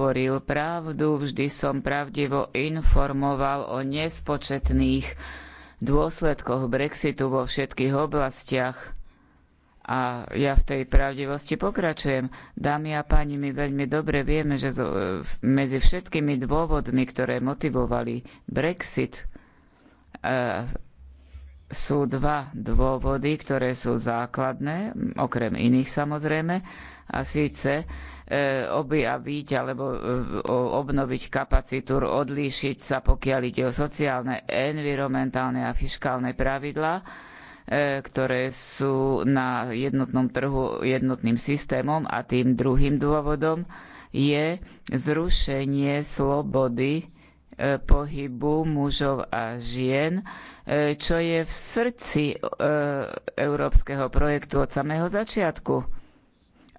hovoril pravdu, vždy som pravdivo informoval o nespočetných dôsledkoch Brexitu vo všetkých oblastiach. A ja v tej pravdivosti pokračujem. Dámy a páni, my veľmi dobre vieme, že medzi všetkými dôvodmi, ktoré motivovali Brexit, e, sú dva dôvody, ktoré sú základné, okrem iných samozrejme a síce e, objaviť alebo e, obnoviť kapacitu, odlíšiť sa, pokiaľ ide o sociálne, environmentálne a fiskálne pravidlá, e, ktoré sú na jednotnom trhu jednotným systémom a tým druhým dôvodom je zrušenie slobody pohybu mužov a žien, čo je v srdci európskeho projektu od samého začiatku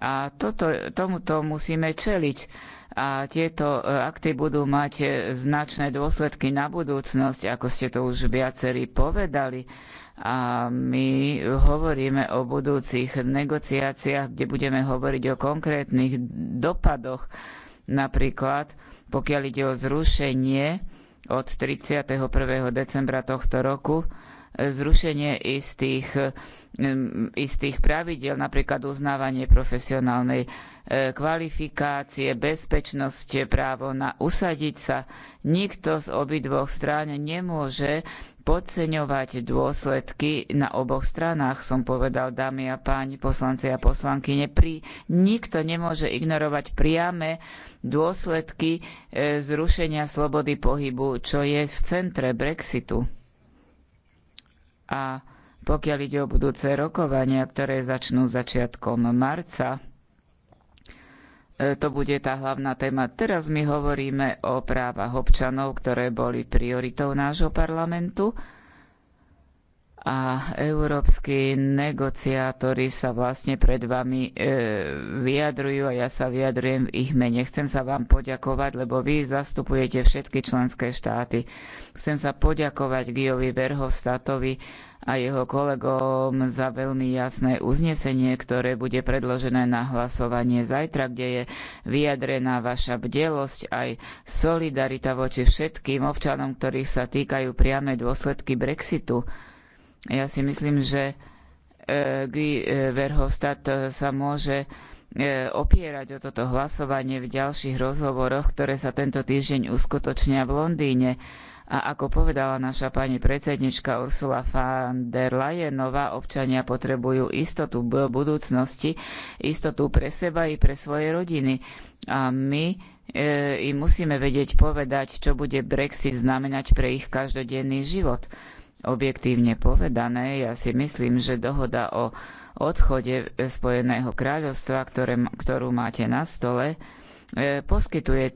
a toto, tomuto musíme čeliť a tieto e, akty budú mať e, značné dôsledky na budúcnosť, ako ste to už viacerí povedali. A my hovoríme o budúcich negociáciách, kde budeme hovoriť o konkrétnych dopadoch, napríklad pokiaľ ide o zrušenie od 31. decembra tohto roku zrušenie istých, mm, istých pravidel, napríklad uznávanie profesionálnej e, kvalifikácie, bezpečnosť, právo na usadiť sa. Nikto z obidvoch strán nemôže podceňovať dôsledky na oboch stranách, som povedal dámy a páni, poslanci a poslanky. Nepri, nikto nemôže ignorovať priame dôsledky e, zrušenia slobody pohybu, čo je v centre Brexitu. A pokiaľ ide o budúce rokovania, ktoré začnú začiatkom marca, e, to bude tá hlavná téma. Teraz my hovoríme o právach občanov, ktoré boli prioritou nášho parlamentu a európsky negociátori sa vlastne pred vami e, vyjadrujú a ja sa vyjadrujem v ich mene. Chcem sa vám poďakovať, lebo vy zastupujete všetky členské štáty. Chcem sa poďakovať Giovi Verhofstatovi a jeho kolegom za veľmi jasné uznesenie, ktoré bude predložené na hlasovanie zajtra, kde je vyjadrená vaša bdelosť aj solidarita voči všetkým občanom, ktorých sa týkajú priame dôsledky Brexitu. Ja si myslím, že e, Guy e, Verhofstadt e, sa môže opierať o toto hlasovanie v ďalších rozhovoroch, ktoré sa tento týždeň uskutočnia v Londýne. A ako povedala naša pani predsednička Ursula von der Leyenová, občania potrebujú istotu v budúcnosti, istotu pre seba i pre svoje rodiny. A my e, im musíme vedieť povedať, čo bude Brexit znamenať pre ich každodenný život. Objektívne povedané, ja si myslím, že dohoda o odchode Spojeného kráľovstva, ktoré, ktorú máte na stole, e, poskytuje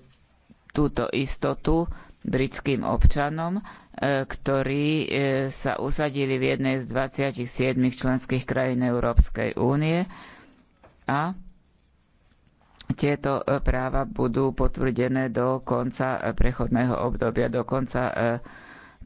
túto istotu britským občanom, e, ktorí e, sa usadili v jednej z 27 členských krajín Európskej únie a tieto práva budú potvrdené do konca prechodného obdobia, do konca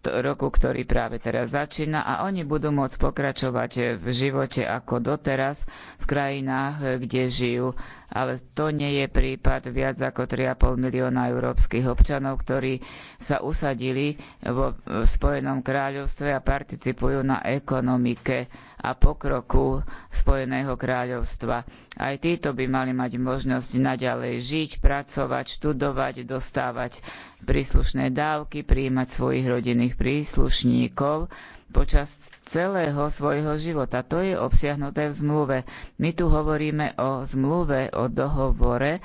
roku, ktorý práve teraz začína a oni budú môcť pokračovať v živote ako doteraz v krajinách, kde žijú ale to nie je prípad viac ako 3,5 milióna európskych občanov, ktorí sa usadili vo Spojenom kráľovstve a participujú na ekonomike a pokroku Spojeného kráľovstva. Aj títo by mali mať možnosť naďalej žiť, pracovať, študovať, dostávať príslušné dávky, príjmať svojich rodinných príslušníkov počas celého svojho života. To je obsiahnuté v zmluve. My tu hovoríme o zmluve, o dohovore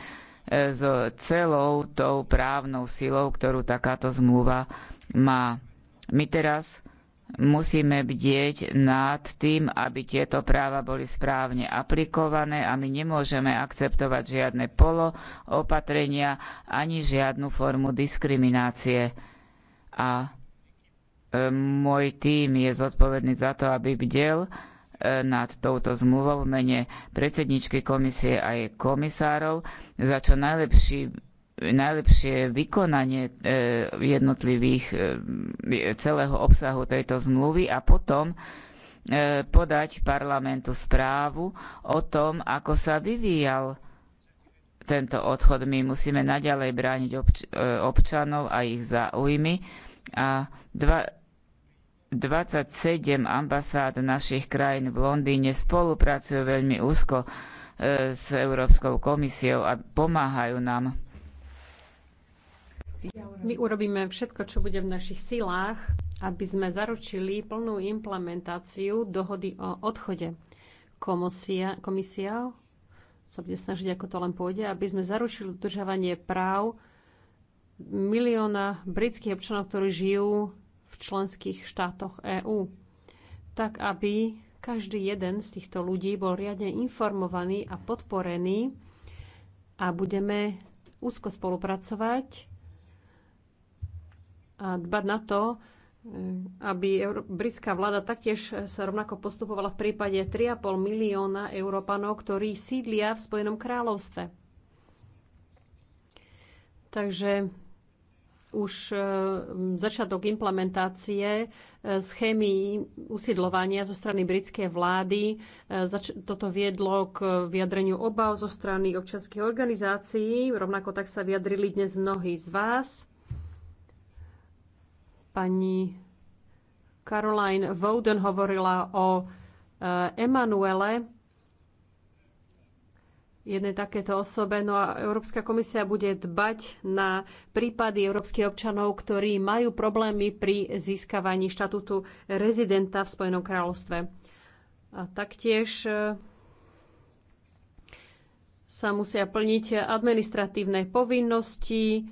e, so celou tou právnou silou, ktorú takáto zmluva má. My teraz musíme bdieť nad tým, aby tieto práva boli správne aplikované a my nemôžeme akceptovať žiadne polo opatrenia ani žiadnu formu diskriminácie. A môj tým je zodpovedný za to, aby bdel e, nad touto zmluvou v mene predsedničky komisie aj komisárov, za čo najlepší, najlepšie vykonanie e, jednotlivých e, celého obsahu tejto zmluvy a potom podať parlamentu správu o tom, ako sa vyvíjal tento odchod. My musíme naďalej brániť obč- občanov a ich záujmy. A dva, 27 ambasád našich krajín v Londýne spolupracujú veľmi úzko e, s Európskou komisiou a pomáhajú nám. My urobíme všetko, čo bude v našich silách, aby sme zaručili plnú implementáciu dohody o odchode. Komisia, komisia sa bude snažiť, ako to len pôjde, aby sme zaručili udržavanie práv milióna britských občanov, ktorí žijú v členských štátoch EÚ, tak aby každý jeden z týchto ľudí bol riadne informovaný a podporený a budeme úzko spolupracovať a dbať na to, aby britská vláda taktiež sa rovnako postupovala v prípade 3,5 milióna Európanov, ktorí sídlia v Spojenom kráľovstve. Takže už e, začiatok implementácie e, schémy usidlovania zo strany britskej vlády. E, toto viedlo k vyjadreniu obav zo strany občianských organizácií. Rovnako tak sa vyjadrili dnes mnohí z vás. Pani Caroline Vouden hovorila o Emanuele, jednej takéto osobe. No a Európska komisia bude dbať na prípady európskych občanov, ktorí majú problémy pri získavaní štatútu rezidenta v Spojenom kráľovstve. A taktiež e, sa musia plniť administratívne povinnosti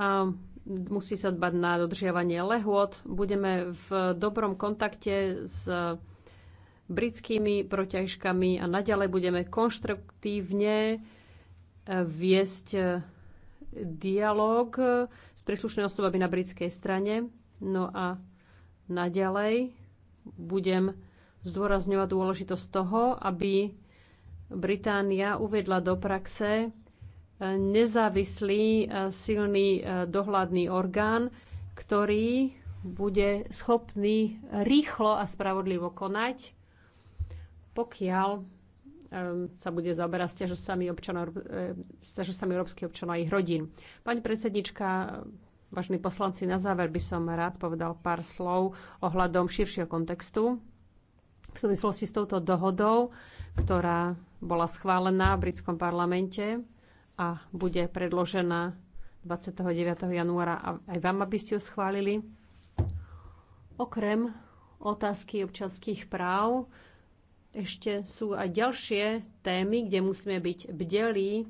a musí sa dbať na dodržiavanie lehôd. Budeme v dobrom kontakte s britskými protiažkami a naďalej budeme konštruktívne eh, viesť eh, dialog eh, s príslušnými osobami na britskej strane. No a naďalej budem zdôrazňovať dôležitosť toho, aby Británia uvedla do praxe nezávislý silný dohľadný orgán, ktorý bude schopný rýchlo a spravodlivo konať pokiaľ sa bude zaoberať stiažostami, občanov, stiažostami európskych občanov a ich rodín. Pani predsednička, vážni poslanci, na záver by som rád povedal pár slov ohľadom širšieho kontextu v súvislosti s touto dohodou, ktorá bola schválená v britskom parlamente a bude predložená 29. januára a aj vám, aby ste ju schválili. Okrem otázky občanských práv ešte sú aj ďalšie témy, kde musíme byť bdelí.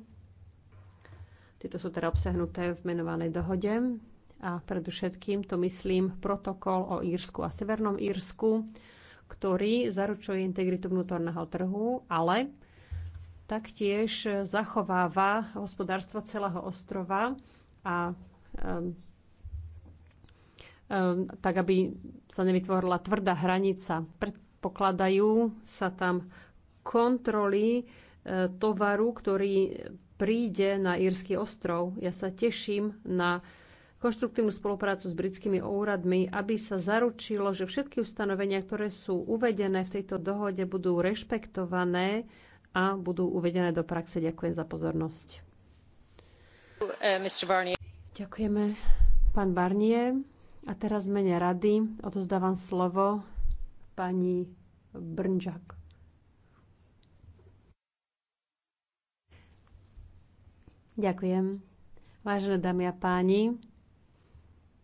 Tieto sú teda obsahnuté v menovanej dohode. A predovšetkým to myslím protokol o Írsku a Severnom Írsku, ktorý zaručuje integritu vnútorného trhu, ale taktiež zachováva hospodárstvo celého ostrova a um, um, tak, aby sa nevytvorila tvrdá hranica. Pokladajú sa tam kontroly e, tovaru, ktorý príde na Írsky ostrov. Ja sa teším na konštruktívnu spoluprácu s britskými úradmi, aby sa zaručilo, že všetky ustanovenia, ktoré sú uvedené v tejto dohode, budú rešpektované a budú uvedené do praxe. Ďakujem za pozornosť. Ďakujeme, pán Barnier. A teraz mene rady odozdávam slovo pani Brnžak. Ďakujem. Vážené dámy a páni,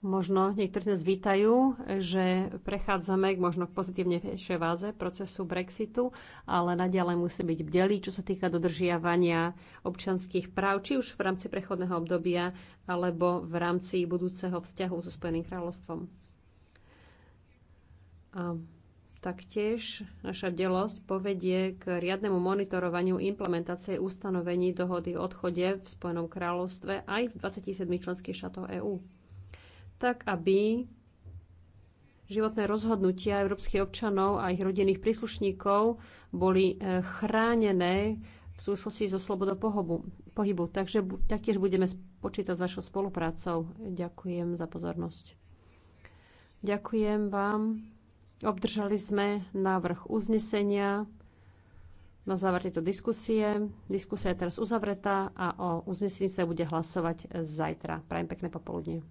možno niektorí nás vítajú, že prechádzame k možno k pozitívnejšej váze procesu Brexitu, ale naďalej musí byť bdelí, čo sa týka dodržiavania občanských práv, či už v rámci prechodného obdobia, alebo v rámci budúceho vzťahu so Spojeným kráľovstvom. Taktiež naša delosť povedie k riadnemu monitorovaniu implementácie ustanovení dohody o odchode v Spojenom kráľovstve aj v 27 členských štátoch EÚ. Tak, aby životné rozhodnutia európskych občanov a ich rodinných príslušníkov boli e, chránené v súvislosti so slobodou pohobu, pohybu. Takže taktiež budeme počítať s vašou spoluprácou. Ďakujem za pozornosť. Ďakujem vám. Obdržali sme návrh uznesenia na záver tejto diskusie. Diskusia je teraz uzavretá a o uznesení sa bude hlasovať zajtra. Prajem pekné popoludne.